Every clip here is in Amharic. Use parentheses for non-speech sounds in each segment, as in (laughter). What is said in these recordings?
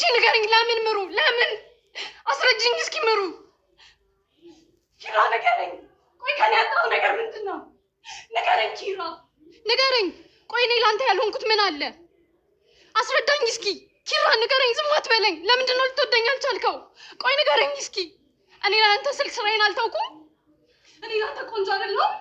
እስኪ ንገሪኝ፣ ለምን ምሩ? ለምን አስረጅኝ እስኪ ምሩ። ኪራ ንገረኝ። ቆይ ከኔ ያጣው ነገር ምንድን ነው? ኪራ፣ ንገረኝ። ቆይ እኔ ላንተ ያልሆንኩት ምን አለ? አስረዳኝ እስኪ ኪራ፣ ንገረኝ። ዝም አትበለኝ። ለምንድን ነው ልትወደኝ አልቻልከው? ቆይ ንገረኝ እስኪ። እኔ ለአንተ ስል ስራዬን አልተውኩም። እኔ ለአንተ ቆንጆ አይደለሁም?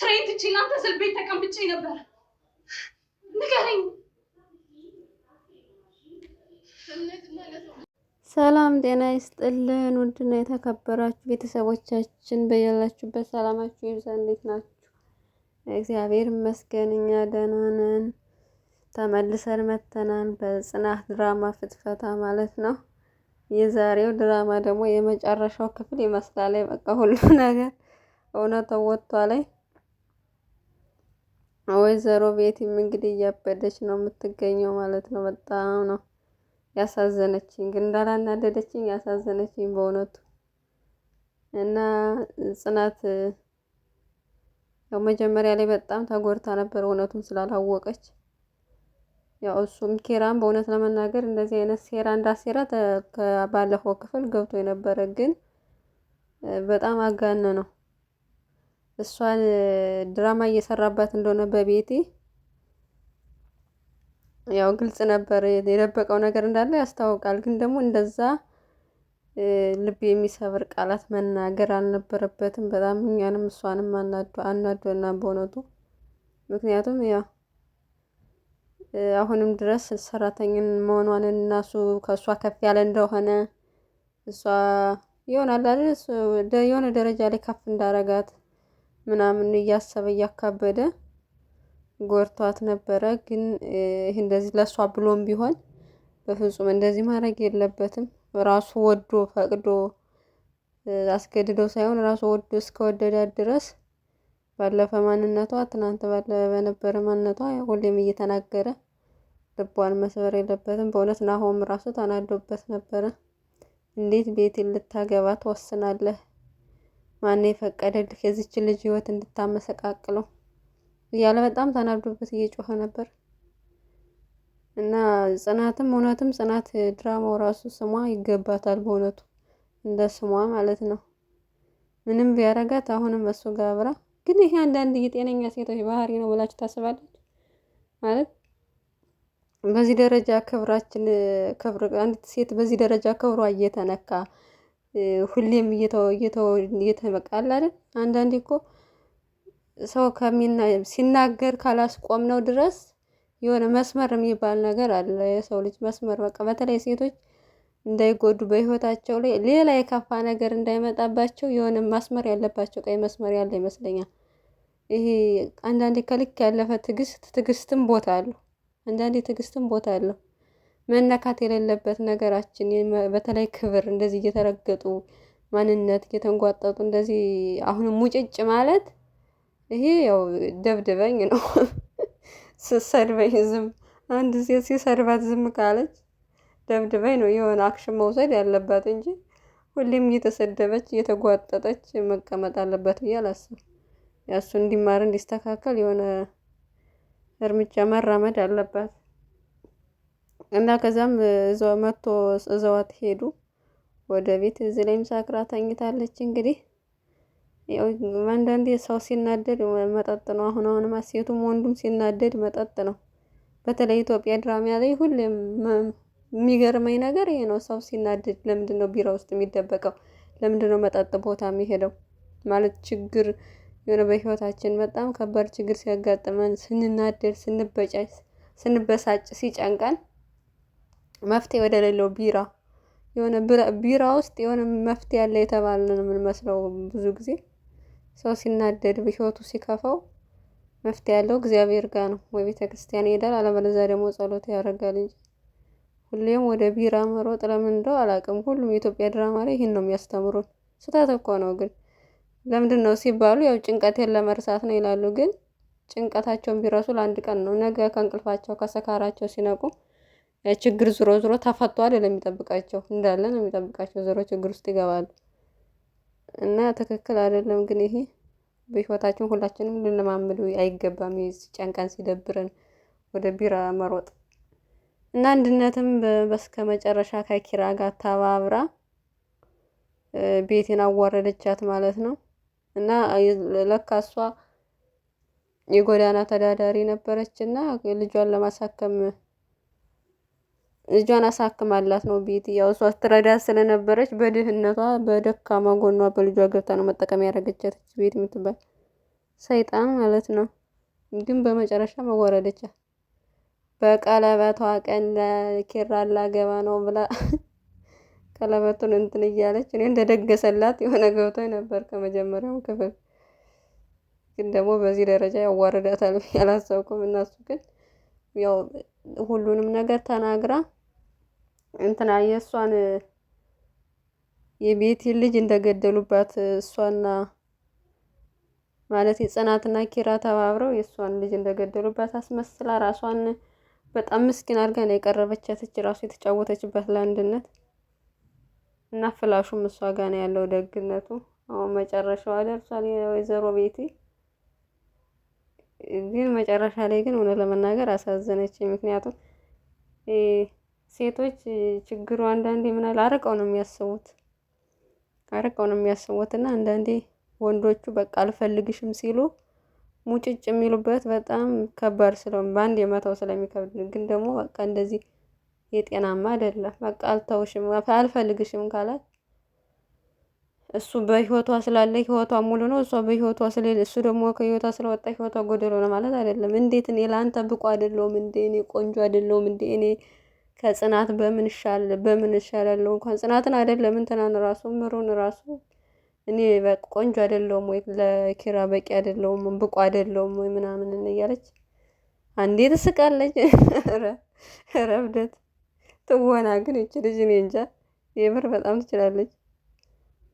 ስራዬን ትቼ ለአንተ ስል ቤት ተቀምጬ ነበር። ንገረኝ ሰላም ጤና ይስጥልን ውድና የተከበራችሁ ቤተሰቦቻችን በያላችሁበት ሰላማችሁ ይብዛ። እንዴት ናችሁ? እግዚአብሔር ይመስገን እኛ ደህና ነን። ተመልሰን መተናን በጽናት ድራማ ፍትፈታ ማለት ነው። የዛሬው ድራማ ደግሞ የመጨረሻው ክፍል ይመስላል። በቃ ሁሉ (laughs) ነገር እውነታው ወጥቷ ላይ ወይዘሮ ቤቲም እንግዲህ እያበደች ነው የምትገኘው ማለት ነው። በጣም ነው ያሳዘነችኝ ግን እንዳላናደደችኝ ያሳዘነችኝ በእውነቱ እና ጽናት ያው መጀመሪያ ላይ በጣም ተጎድታ ነበር እውነቱን ስላላወቀች። ያው እሱም ኪራም በእውነት ለመናገር እንደዚህ አይነት ሴራ እንዳሴራ ባለፈው ክፍል ገብቶ የነበረ ግን በጣም አጋነ ነው እሷን ድራማ እየሰራባት እንደሆነ በቤቴ ያው ግልጽ ነበር። የደበቀው ነገር እንዳለ ያስታውቃል። ግን ደግሞ እንደዛ ልብ የሚሰብር ቃላት መናገር አልነበረበትም። በጣም እኛንም እሷንም አናዶና በእውነቱ ምክንያቱም ያው አሁንም ድረስ ሰራተኛን መሆኗን እናሱ ከእሷ ከፍ ያለ እንደሆነ እሷ ይሆናል የሆነ ደረጃ ላይ ከፍ እንዳረጋት ምናምን እያሰበ እያካበደ ጎርቷት ነበረ። ግን ይህ እንደዚህ ለእሷ ብሎም ቢሆን በፍጹም እንደዚህ ማድረግ የለበትም። ራሱ ወዶ ፈቅዶ አስገድዶ ሳይሆን ራሱ ወዶ እስከወደዳት ድረስ ባለፈ ማንነቷ ትናንት በነበረ ማንነቷ ሁሌም እየተናገረ ልቧን መስበር የለበትም። በእውነት ናሆም ራሱ ተናዶበት ነበረ። እንዴት ቤት ልታገባ ትወስናለህ? ማን የፈቀደልህ የዚችን ልጅ ህይወት እንድታመሰቃቅለው? እያለ በጣም ተናዶበት እየጮኸ ነበር። እና ጽናትም እውነትም ጽናት ድራማው ራሱ ስሟ ይገባታል በእውነቱ እንደ ስሟ ማለት ነው። ምንም ቢያረጋት አሁንም እሱ ጋር አብራ ግን ይሄ አንዳንድ የጤነኛ ሴቶች ባህሪ ነው ብላችሁ ታስባለች ማለት በዚህ ደረጃ ክብራችን ክብር አንዲት ሴት በዚህ ደረጃ ክብሯ እየተነካ ሁሌም እየተወ እየተወ አንዳንዴ እኮ ሰው ሲናገር ካላስቆም ነው ድረስ የሆነ መስመር የሚባል ነገር አለ። የሰው ልጅ መስመር በቃ በተለይ ሴቶች እንዳይጎዱ በህይወታቸው ላይ ሌላ የከፋ ነገር እንዳይመጣባቸው የሆነ ማስመር ያለባቸው ቀይ መስመር ያለ ይመስለኛል። ይሄ አንዳንዴ ከልክ ያለፈ ትዕግስት ትዕግስትም ቦታ አለው። አንዳንዴ ትዕግስትም ቦታ አለው። መነካት የሌለበት ነገራችን በተለይ ክብር እንደዚህ እየተረገጡ ማንነት እየተንጓጠጡ እንደዚህ አሁንም ሙጭጭ ማለት ይሄ ያው ደብድበኝ ነው ስሰድበኝ ዝም አንድ ሴት ሲሰድባት ዝም ካለች ደብድበኝ ነው የሆነ አክሽን መውሰድ ያለባት እንጂ ሁሌም እየተሰደበች እየተጓጠጠች መቀመጥ አለባት ብዬ አላስብ። ያሱ እንዲማር እንዲስተካከል የሆነ እርምጃ መራመድ አለባት እና ከዛም መጥቶ እዘዋት ሄዱ ወደ ቤት። እዚህ ላይም ሳክራ ተኝታለች እንግዲህ አንዳንዴ ሰው ሲናደድ መጠጥ ነው። አሁን አሁን ሴቱም ወንዱም ሲናደድ መጠጥ ነው። በተለይ ኢትዮጵያ ድራማ ላይ ሁሌም የሚገርመኝ ነገር ይሄ ነው። ሰው ሲናደድ ለምንድን ነው ቢራ ውስጥ የሚደበቀው? ለምንድን ነው መጠጥ ቦታ የሚሄደው? ማለት ችግር የሆነ በህይወታችን በጣም ከባድ ችግር ሲያጋጥመን፣ ስንናደድ፣ ስንበጫጭ፣ ስንበሳጭ፣ ሲጨንቀን መፍትሄ ወደሌለው ቢራ የሆነ ቢራ ውስጥ የሆነ መፍትሄ ያለ የተባልን የምንመስለው ብዙ ጊዜ ሰው ሲናደድ በህይወቱ ሲከፋው መፍትሄ ያለው እግዚአብሔር ጋር ነው። ወይ ቤተ ክርስቲያን ይሄዳል፣ አለበለዚያ ደግሞ ጸሎት ያደርጋል እንጂ ሁሌም ወደ ቢራ መሮጥ ለምን እንደው አላውቅም። ሁሉም የኢትዮጵያ ድራማ ላይ ይህን ነው የሚያስተምሩን። ስህተት እኮ ነው ግን ለምንድን ነው ሲባሉ ያው ጭንቀቴን ለመርሳት ነው ይላሉ። ግን ጭንቀታቸውን ቢረሱ ለአንድ ቀን ነው። ነገ ከእንቅልፋቸው ከሰካራቸው ሲነቁ ችግር ዝሮ ዝሮ ተፈቷል ለሚጠብቃቸው እንዳለ ነው የሚጠብቃቸው። ዞሮ ችግር ውስጥ ይገባሉ። እና ትክክል አይደለም። ግን ይሄ በህይወታችን ሁላችንም ልንለማምዱ አይገባም። ሲጨንቀን ሲደብረን ወደ ቢራ መሮጥ እና አንድነትም በስከ መጨረሻ ከኪራ ጋር ተባብራ ቤቴን አዋረደቻት ማለት ነው። እና ለካ እሷ የጎዳና ተዳዳሪ ነበረች እና ልጇን ለማሳከም እጇን አሳክማላት ነው ቤት ያው እሷ ስትረዳት ስለነበረች በድህነቷ በደካማ ጎኗ በልጇ ገብታ ነው መጠቀም ያደረገቻት ቤት የምትባል ሰይጣን ማለት ነው። ግን በመጨረሻ መወረደቻ በቀለበቷ ቀን ኪራ ላገባ ነው ብላ (laughs) ቀለበቱን እንትን እያለች እኔ እንደደገሰላት የሆነ ገብቶ ነበር ከመጀመሪያው ክፍል። ግን ደግሞ በዚህ ደረጃ ያዋርዳታል ያላሰብኩም። እናሱ ግን ያው ሁሉንም ነገር ተናግራ እንትና የእሷን የቤቲ ልጅ እንደገደሉባት እሷና ማለት የጽናትና ኪራ ተባብረው የእሷን ልጅ እንደገደሉባት አስመስላ ራሷን በጣም ምስኪን አድርጋ ነው የቀረበቻት። እች ራሱ የተጫወተችበት ለአንድነት እና ፍላሹም እሷ ጋ ነው ያለው ደግነቱ። አሁን መጨረሻዋ ደርሷል የወይዘሮ ቤቲ ግን መጨረሻ ላይ ግን እውነት ለመናገር አሳዘነች። ምክንያቱም ሴቶች ችግሩ አንዳንዴ አለ አርቀው ነው የሚያስቡት አርቀው ነው የሚያስቡት እና አንዳንዴ ወንዶቹ በቃ አልፈልግሽም ሲሉ ሙጭጭ የሚሉበት በጣም ከባድ ስለሆነ በአንድ የመታው ስለሚከብድ ግን ደግሞ በቃ እንደዚህ የጤናማ አይደለም። በቃ አልተውሽም አልፈልግሽም ካላት እሱ በህይወቷ ስላለ ህይወቷ ሙሉ ነው፣ እሷ በህይወቷ ስለሌለ እሱ ደግሞ ከህይወቷ ስለወጣ ህይወቷ ጎደሎ ነው ማለት አይደለም። እንዴት እኔ ለአንተ ብቁ አይደለሁም እንዴ? እኔ ቆንጆ አይደለሁም እንዴ? እኔ ከጽናት በምን ይሻል ይሻላለሁ? እንኳን ጽናትን አይደለም እንትናን ራሱ ምሩን ራሱ እኔ በቃ ቆንጆ አይደለሁም ወይ ለኪራ በቂ አይደለሁም ብቁ አይደለሁም ወይ ምናምን እያለች አንዴ ትስቃለች። ረብደት ትወና ግን ይቺ ልጅ እኔ እንጃ የምር በጣም ትችላለች።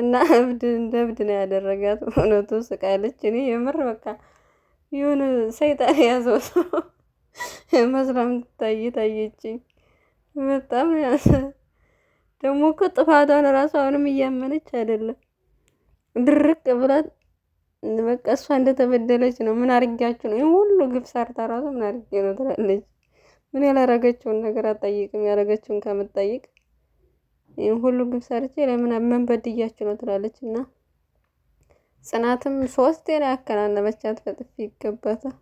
እና እብድ እንደ እብድ ነው ያደረጋት። እውነቱ ስቃለች። እኔ የምር በቃ ይሁን ሰይጣን የያዘው ሰው መስላም ታይ ታየችኝ። በጣም ደግሞ እኮ ጥፋቷን እራሱ አሁንም እያመነች አይደለም። ድርቅ ብላት በቃ እሷ እንደተበደለች ነው። ምን አርጊያችሁ ነው ይህ ሁሉ ግብ ሰርታ ራሱ ምን አርጌ ነው ትላለች። ምን ያላረገችውን ነገር አጠይቅም። ያረገችውን ከምጠይቅ ይህ ሁሉ ግብ ሰርቼ ለምን ምን በድያችሁ ነው ትላለች። እና ጽናትም ሶስቴን ያከናነበቻት በጥፊ ይገባታል።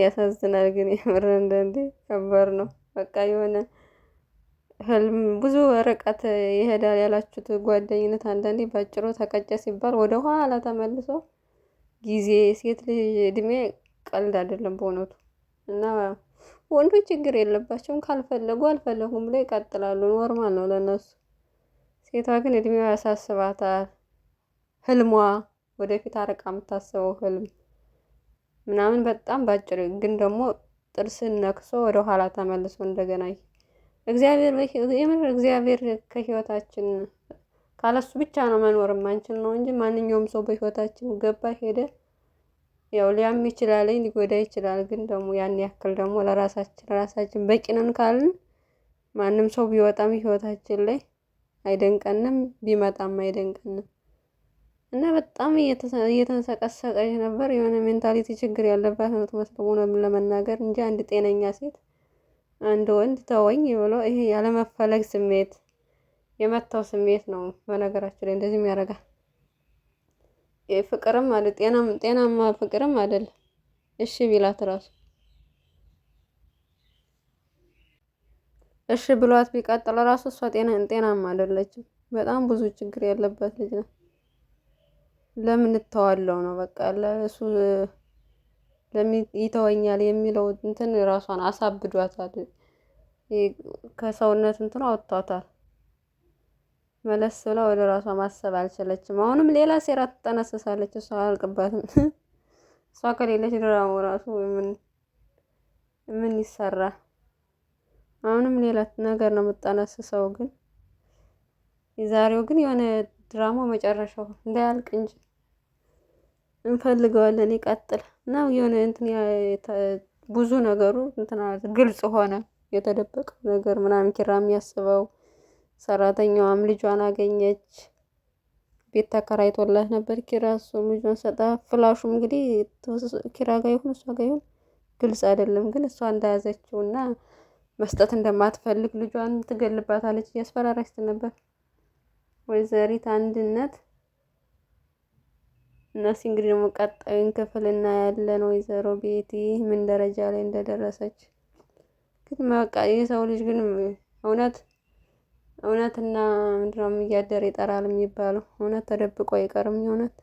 ያሳዝናል። ግን የምር እንደንዴ ከባድ ነው። በቃ የሆነ ህልም ብዙ ርቀት ይሄዳል ያላችሁት ጓደኝነት አንዳንዴ ባጭሩ ተቀጨ ሲባል ወደ ኋላ ተመልሶ ጊዜ ሴት ልጅ እድሜ ቀልድ አይደለም በእውነቱ እና ወንዶች ችግር የለባቸውም። ካልፈለጉ አልፈለጉም ብለ ይቀጥላሉ። ኖርማል ነው ለነሱ። ሴቷ ግን እድሜዋ ያሳስባታል። ህልሟ ወደፊት አርቃ የምታስበው ህልም ምናምን በጣም ባጭር ግን ደግሞ ጥርስን ነክሶ ወደ ኋላ ተመልሶ እንደገና እግዚአብሔር እግዚአብሔር ከህይወታችን ካለሱ ብቻ ነው መኖር ማንችል ነው እንጂ ማንኛውም ሰው በህይወታችን ገባ ሄደ ያው ሊያም ይችላል ሊጎዳ ይችላል። ግን ደግሞ ያን ያክል ደግሞ ለራሳችን ራሳችን በቂ ነን ካልን ማንም ሰው ቢወጣም ህይወታችን ላይ አይደንቀንም፣ ቢመጣም አይደንቀንም። እና በጣም እየተንሰቀሰቀች ነበር። የሆነ ሜንታሊቲ ችግር ያለባት ነው የምትመስለው ሆኖ ለመናገር እንጂ አንድ ጤነኛ ሴት አንድ ወንድ ተወኝ ብሎ ይሄ ያለመፈለግ ስሜት የመታው ስሜት ነው። በነገራችን ላይ እንደዚህ የሚያደርጋል ፍቅርም አለ ጤናማ ፍቅርም አይደለም። እሺ ቢላት ራሱ እሺ ብሏት ቢቀጥል ራሱ እሷ ጤናማ አይደለችም። በጣም ብዙ ችግር ያለባት ልጅ ነው። ለምን እተዋለው ነው በቃ ለእሱ ይተወኛል የሚለው እንትን ራሷን አሳብዷታል። ከሰውነት እንትን አወጥቷታል። መለስ ብላ ወደ ራሷ ማሰብ አልቻለችም። አሁንም ሌላ ሴራ ትጠነስሳለች። እሷ አልቅባትም። (laughs) እሷ ከሌለች ድራማው ራሱ ምን ምን ይሰራ? አሁንም ሌላ ነገር ነው የምጠነስሰው። ግን የዛሬው ግን የሆነ ድራማው መጨረሻው እንዳያልቅ እንጂ እንፈልገዋለን ይቀጥል ነው። የሆነ እንትን ብዙ ነገሩ እንትን ግልጽ ሆነ። የተደበቀው ነገር ምናምን ኪራ የሚያስበው ሰራተኛዋም ልጇን አገኘች። ቤት ተከራይቶላት ነበር ኪራ እሱ ልጇን ሰጣ። ፍላሹም እንግዲህ ኪራ ጋር ይሁን እሷ ጋር ይሁን ግልጽ አይደለም፣ ግን እሷ እንደያዘችው እና መስጠት እንደማትፈልግ ልጇን ትገልባታለች እያስፈራራች ነበር። ወይዘሪት አንድነት እነሱ እንግዲህ ደግሞ ቀጣዩን ክፍል እናያለን። ወይዘሮ ቤቲ ምን ደረጃ ላይ እንደደረሰች ግን በቃ ሰው ልጅ ግን እውነት እውነትና ምንድነው እያደር ይጠራል የሚባለው እውነት ተደብቆ አይቀርም። የእውነት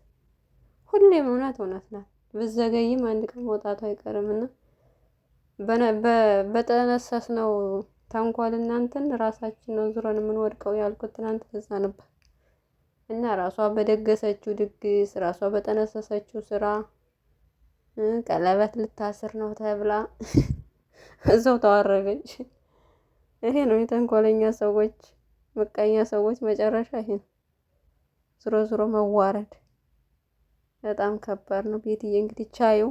ሁሌም እውነት እውነት ናት። ብዘገይም አንድ ቀን መውጣቱ አይቀርም እና በጠነሰስ ነው ተንኳል እናንተን ራሳችን ነው ዙረን የምንወድቀው ያልኩት ትናንት ገዛ ነበር። እና ራሷ በደገሰችው ድግስ ራሷ በጠነሰሰችው ስራ ቀለበት ልታስር ነው ተብላ (laughs) እዛው ተዋረገች። ይሄ ነው የተንኮለኛ ሰዎች፣ ምቀኛ ሰዎች መጨረሻ ይሄ ነው። ዝሮ ዝሮ መዋረድ በጣም ከባድ ነው። ቤትዬ እንግዲህ ቻዩ።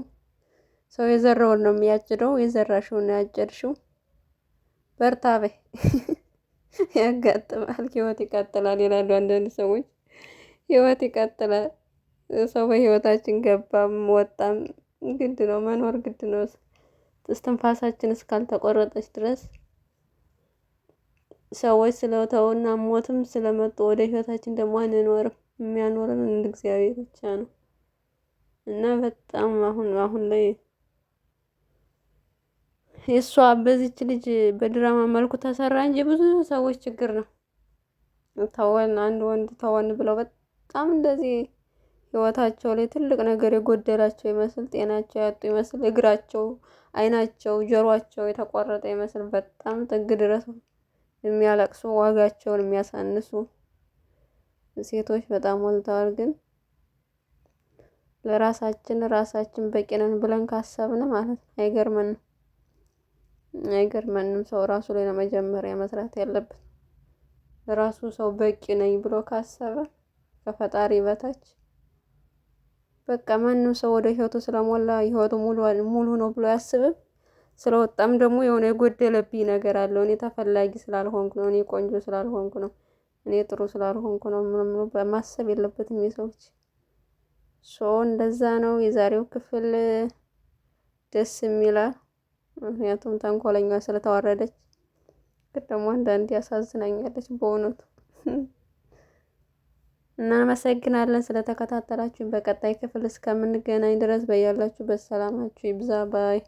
ሰው የዘራውን ነው የሚያጭደው፣ የዘራሽውን ነው ያጨድሽው። በርታ በይ። (laughs) ያጋጥማል፣ ህይወት ይቀጥላል ይላሉ አንዳንድ ሰዎች። ህይወት ይቀጥላል። ሰው በህይወታችን ገባም ወጣም ግድ ነው፣ መኖር ግድ ነው። እስትንፋሳችን እስካልተቆረጠች ድረስ ሰዎች ስለተውና ሞትም ስለመጡ ወደ ህይወታችን ደግሞ አንኖርም። የሚያኖረን እንደ እግዚአብሔር ብቻ ነው እና በጣም አሁን አሁን ላይ የእሷ በዚች ልጅ በድራማ መልኩ ተሰራ እንጂ ብዙ ሰዎች ችግር ነው። ተወን አንድ ወንድ ተወን ብለው በጣም እንደዚህ ህይወታቸው ላይ ትልቅ ነገር የጎደላቸው ይመስል ጤናቸው ያጡ ይመስል እግራቸው፣ አይናቸው፣ ጆሯቸው የተቆረጠ ይመስል በጣም ጥግ ድረስ የሚያለቅሱ ዋጋቸውን የሚያሳንሱ ሴቶች በጣም ወልተዋል ግን ለራሳችን ራሳችን በቂ ነን ብለን ካሰብን ማለት አይገርመንም አይገርመንም። ሰው ራሱ ላይ ነው መጀመሪያ መስራት ያለበት። ራሱ ሰው በቂ ነኝ ብሎ ካሰበ ከፈጣሪ በታች በቃ ማንም ሰው ወደ ህይወቱ ስለሞላ ህይወቱ ሙሉ ነው ብሎ አያስብም። ስለወጣም ደግሞ የሆነ የጎደለብኝ ነገር አለው። እኔ ተፈላጊ ስላልሆንኩ ነው፣ እኔ ቆንጆ ስላልሆንኩ ነው፣ እኔ ጥሩ ስላልሆንኩ ነው ምንም በማሰብ የለበትም የሰዎች ሶ እንደዛ ነው። የዛሬው ክፍል ደስ የሚላል ምክንያቱም ተንኮለኛ ስለተዋረደች፣ ግን ደግሞ አንዳንዴ ያሳዝናኛለች በእውነቱ። (laughs) እናመሰግናለን ስለተከታተላችሁ። በቀጣይ ክፍል እስከምንገናኝ ድረስ በያላችሁ በሰላማችሁ ይብዛ ባይ